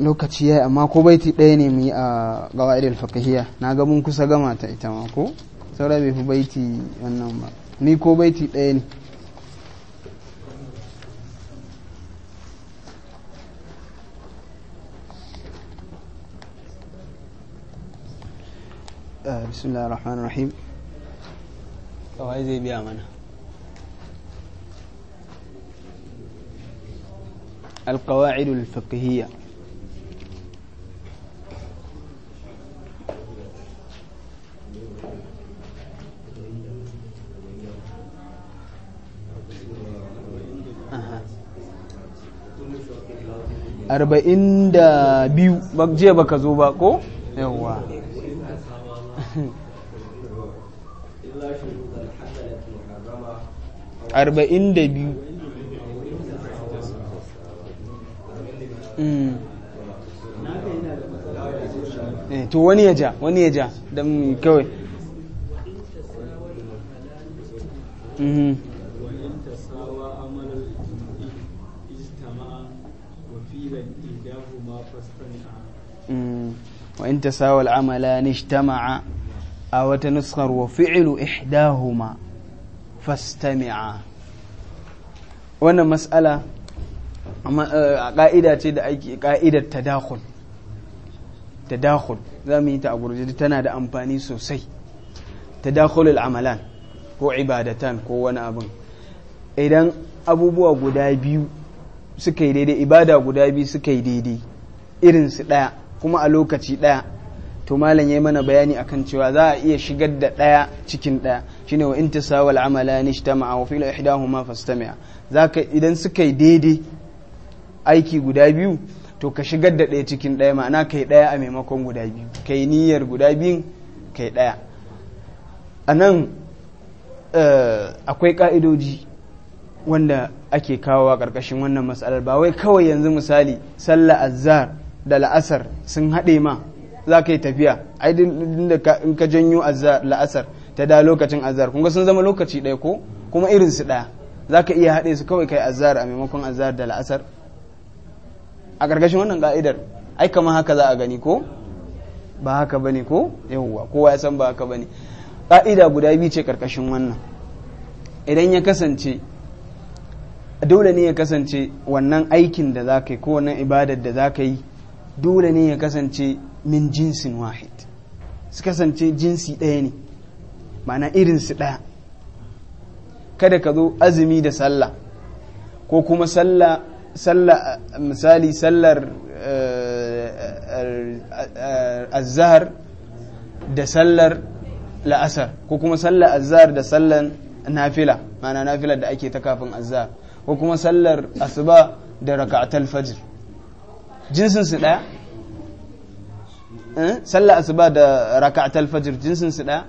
lokaci ya yi amma ko baiti ɗaya ne mu yi a gawaidul fakahiyya na ga mun kusa gama ta ita ma ko saura bai fi baiti wannan ba ni ko baiti ɗaya ne بسم الله الرحمن الرحيم kawai zai القواعد الفقهيه arba'in da biyu jiya ba ka zo ba ko? yawwa arba'in da biyu hmm. eh, to wani ya ja wani ya ja don kawai hmm. وقيل إحداهما وإن تساوى العملان اجتمعا أو تنسخر وفعل إحداهما فاستمعا وأنا مسألة ƙa'ida ce da ake ƙa'idar tadakhul tadakhul za mu ta a gurje tana da amfani sosai tadakhulul amalan ko ibadatan ko wani abin idan abubuwa guda biyu suka yi daidai ibada guda biyu suka yi daidai irin su ɗaya kuma a lokaci ɗaya to malam yayi mana bayani akan cewa za a iya shigar da ɗaya cikin ɗaya shine wa in amala amalani ijtama'a wa fil ihdahuma fastami'a zaka idan suka yi daidai aiki guda biyu to ka shigar da ɗaya cikin ɗaya ma'ana kai ɗaya a maimakon guda biyu kai niyyar guda biyun kai ɗaya a nan eh, akwai ƙa'idoji wanda ake kawowa ƙarƙashin wannan matsalar ba wai kawai yanzu misali sallah azhar da la'asar sun haɗe ma za ka yi tafiya ai da in ka janyo la'asar ta da lokacin azhar kun sun zama lokaci ɗaya ko kuma irin su ɗaya za ka iya haɗe su kawai kai azhar a maimakon azhar da la'asar a ƙarƙashin wannan ka'idar ai kamar haka za a gani ko ba haka bane ko yawwa kowa ya san ba haka bane ka'ida guda biyu ce ƙarƙashin wannan idan ya kasance dole ne ya kasance wannan aikin da za ka yi ko wannan ibadar da za ka yi dole ne ya kasance min jinsin wahid su kasance jinsi ɗaya ne irin su ɗaya kada ka zo azumi da sallah ko kuma sallah misali sallar eh, eh, azhar da sallar la'asar ko kuma sallar azhar da sallar nafila mana nafila da ake ta kafin azhar ko kuma sallar asuba da raka'atul fajr jinsin su daya eh? sallar asuba da raka'atul fajr jinsin su daya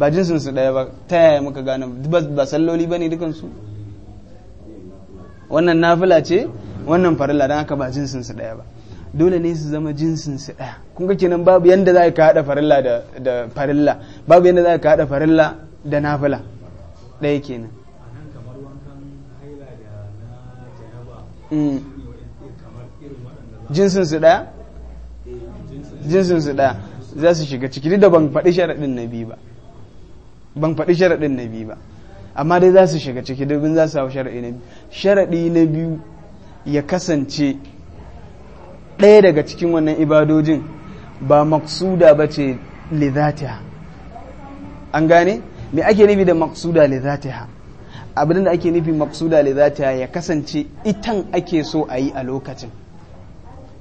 ba jinsin su daya ba ta yaya muka gane ba salloli bane dukan su wannan nafila ce wannan farilla dan haka ba jinsin su daya ba dole ne su zama jinsin su daya kun ga kenan babu yanda za ka hada farilla da farilla babu yanda za ka hada farilla da nafila daya kenan jinsin su daya ɗaya za su shiga ciki da ban faɗi sharaɗin na biyu ba ban faɗi sharaɗin na biyu ba amma dai za su shiga ciki dubin za su hau sharaɗi na biyu sharaɗi na biyu ya kasance ɗaya daga cikin wannan ibadojin ba maksuda ba ce lizatiha an gane me ake nufi da maksuda lizatiha abin da ake nufi maksuda za zata ya kasance itan ake so a yi a lokacin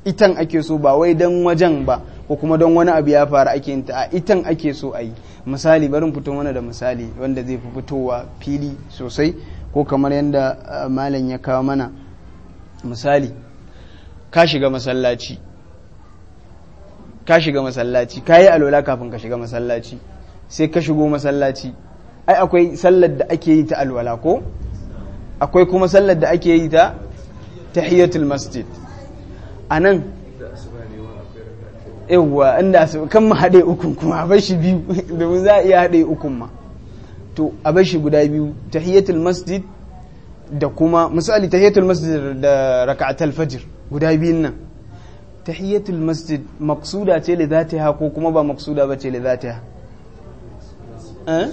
itan ake so ba wai don wajen ba ko kuma don wani abu ya fara ake yin ta a itan ake so a yi misali barin fito mana da misali wanda zai fi fitowa fili sosai ko kamar yadda malam ya kawo mana misali ka shiga masallaci ka shiga masallaci ka yi alola kafin ka shiga masallaci sai ka shigo masallaci ai akwai sallar da ake yi ta alwala ko akwai kuma sallar da ake yi ta tahiyatul masjid a nan yawwa inda su kan mu hade ukun kuma a bashi biyu domin za a iya hade ukun ma to a bashi guda biyu tahiyatul masjid da kuma misali tahiyatul masjid da rak'atul fajr guda biyun nan tahiyatul masjid maksuda ce li zatiha ko kuma ba maksuda ba ce li zatiha eh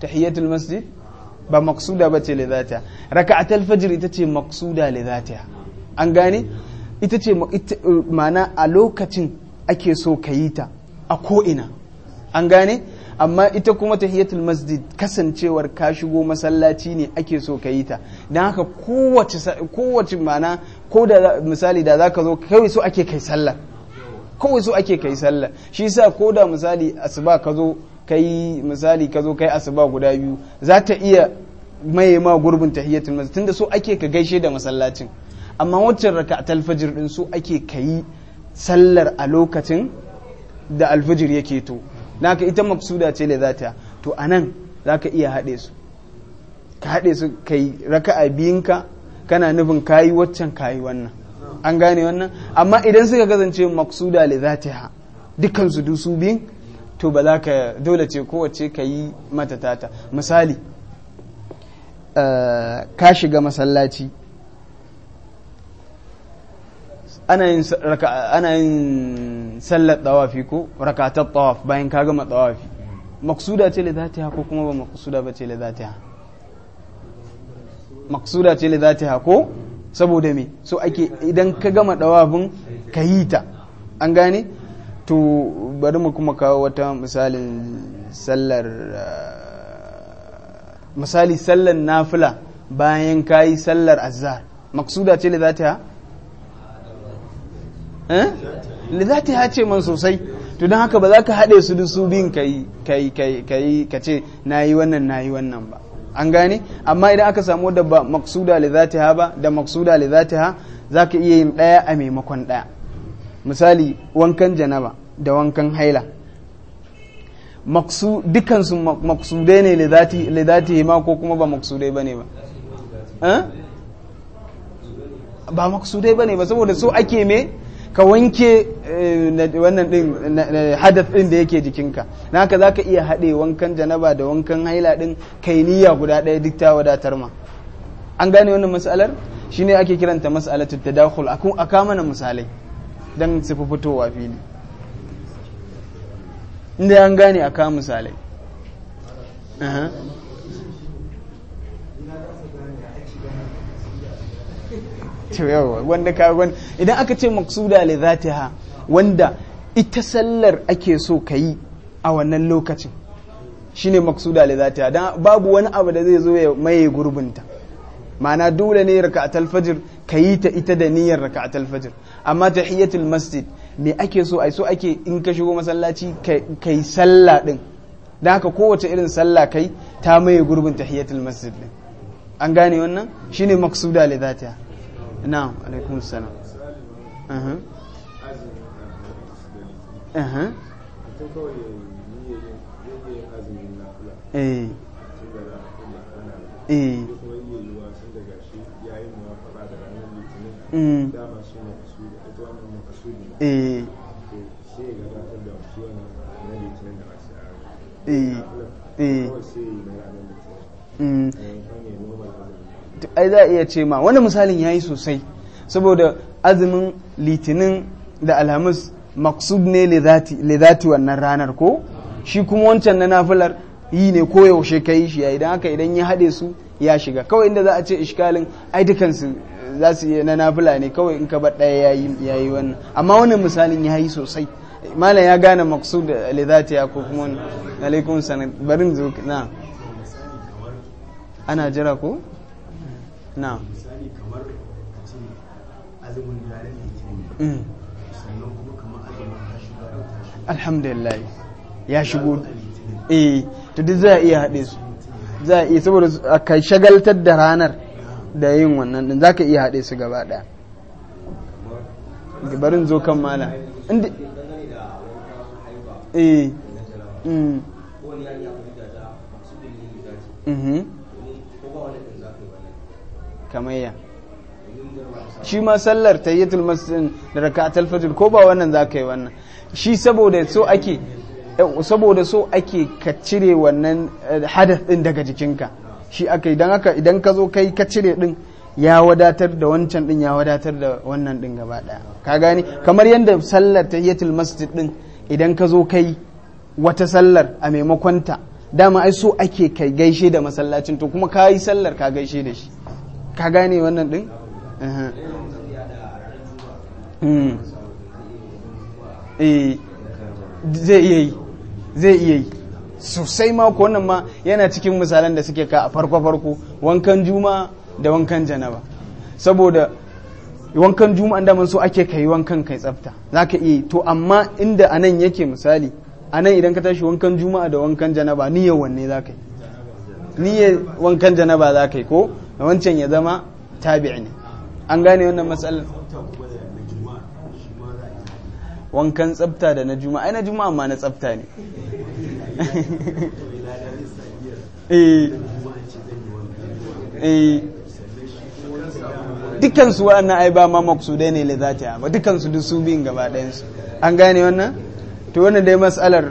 tahiyatul masjid ba maksuda ba ce lidata raka'atul fajr ita ce maksuda lidata an gane ita ce ma'ana a lokacin ake so ka ta a ko'ina an gane amma ita kuma tahiyatul masjid kasancewar ka shigo masallaci ne ake so ka yi ta don haka kowace mana ko da misali da zaka zo kawai so ake kai sallah kawai so ake kai sallah shi yasa ko da misali asuba ka zo kai misali ka zo kai asuba guda biyu za ta iya maye ma gurbin tahiyatul masjid tunda so ake ka gaishe da masallacin amma waccan raka'at alfajr din so ake kai sallar a lokacin da alfajir yake to naka ita maksuda ce da zata to anan zaka iya haɗe su ka haɗe su kai raka'a biyinka kana nufin yi waccan kayi wannan an gane wannan amma idan suka kasance maksuda li zatiha dukkan su dusu biyun to ba za ka dole ce kowace ka yi mata tata misali eh, ka shiga masallaci ana yin sallar tawafi ko rakatar tawaf bayan ka gama tawafi maksuda ce le ta ko kuma ba maksuda ba ce le ha maksuda ce le ta ko saboda me so ake idan ka gama tsawafin ka yi ta an gane to bari mu kuma kawo wata misalin sallar ah, misali sallar nafila bayan kayi sallar azhar maksuda ce lidatiha eh ce man sosai to don haka ba za ka haɗe su da su bin kai ka ce na yi wannan na yi wannan ba an gane amma idan aka samu da ba maksuda lidatiha ba da maksuda za ka iya yin ɗaya a maimakon ɗaya misali wankan janaba da wankan haila dukansu maksude ne lidati ma ko kuma ba ba bane ba ba ba ne ba saboda so ake me ka wanke eh, wannan din hadaf din da yake jikinka na haka zaka iya haɗe wankan janaba da wankan haila din kai niyya guda ɗaya duk ta wadatar ma an gane wannan mas'alar shine ake kiranta matsalar tattadakul a akamana misalai don su fitowa fili inda an gane a kawo misalai idan aka ce maksuda li ha wanda ita sallar ake so ka yi a wannan lokacin shine maksuda za ta dan babu wani abu da zai zo ya maye gurbinta mana dole ne a talfajir ka yi ta ita da niyyar a talfajir amma ta masjid me ake so ai so ake in ka shigo masallaci kai sallah din don haka kowace irin sallah kai ta maye gurbin tahiyatul masjid din an gane wannan shine maksuda li zatiha na'am alaikum salam aha uh-huh. aha uh-huh. eh eh Eh, eh, eh. ai za a iya ce ma wani misalin ya yi sosai saboda azumin litinin da alhamis maksud ne le zati wannan ranar ko shi kuma wancan na nafilar yi ne koyaushe ka yi shi idan haka idan ya haɗe su ya shiga kawai inda za a ce ishikalin aidukansu za su yi na nafila ne kawai in ka bar ɗaya ya yi wannan amma wani misalin ya yi sosai malam ya gane maksu da ya ko kuma wani alaikun sana barin zo na ana jira ko na mm. alhamdulillah ya shigo eh to duk za a iya haɗe su za a iya saboda a shagaltar da ranar da yin wannan din zaka iya haɗe su gaba ɗaya gabarin zo kan mala inda eh mm mm-hmm. kamayya shi ma sallar tayyatul masjid da raka'atul fajr ko ba wannan zaka yi wannan shi saboda so ake saboda so ake ka cire wannan eh, hadath din daga jikinka shi aka yi don haka idan ka zo kai ka cire din ya wadatar da wancan din ya wadatar da wannan din gaba daya ka gane kamar yadda sallar yi masjid din idan ka zo kai wata sallar a maimakon ta dama ai so ake kai gaishe da masallacin to kuma ka yi sallar ka gaishe da shi ka gane wannan din hmm. eh. zai iya yi zai iya yi sosai ma ko wannan ma yana cikin misalan da suke ka a farko farko wankan juma da wankan janaba saboda wankan juma an man so ake kai wankan kai tsafta zaka iya to amma inda anan yake misali anan idan ka tashi wankan juma'a da wankan janaba niyyar wanne zaka yi niyyar wankan janaba zaka yi ko wancan ya zama tabi'i ne an gane wannan matsalar wankan tsafta da na juma'a ai na juma'a ma na tsafta ne Eh. Eh. dukansu waɗannan ai ba ma maksudai ne lazatiya ba dukansu duk su biyun gaba ɗayansu an gane wannan to wannan dai matsalar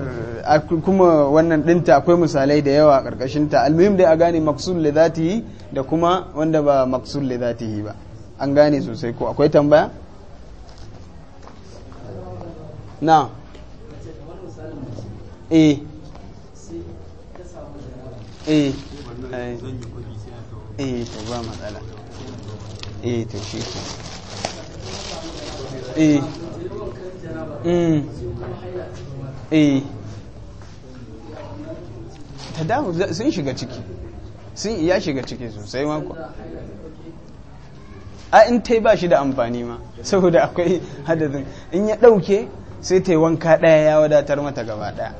kuma wannan ɗinta akwai misalai da yawa a ƙarƙashinta ta almuhim dai a gane maksul yi da kuma wanda ba maksul yi ba an gane sosai ko akwai tambaya na eh Eh, eh eh to ba matsala eh to shi ke eh mm eh tadawu sun shiga ciki sun ya shiga ciki sosai mako a in ta yi ba shi da amfani ma saboda akwai hadadin in ya ɗauke sai ta yi wanka ɗaya ya wadatar mata gaba ɗaya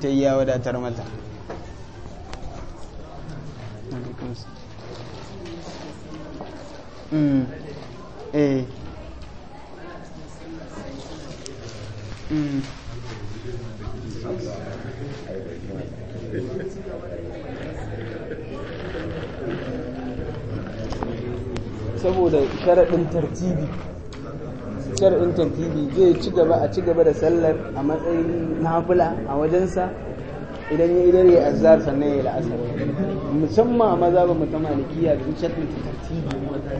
ta yi ya wadatar mata Mm. eh mm. saboda sharaɗin tartibi sharaɗin tartibi zai ci gaba a ci gaba da sallar a matsayin nafula a wajensa idan ya idare azhar sannan ya la'asar musamman a maza ba mutum malikiya da zuciyar mutum tartibi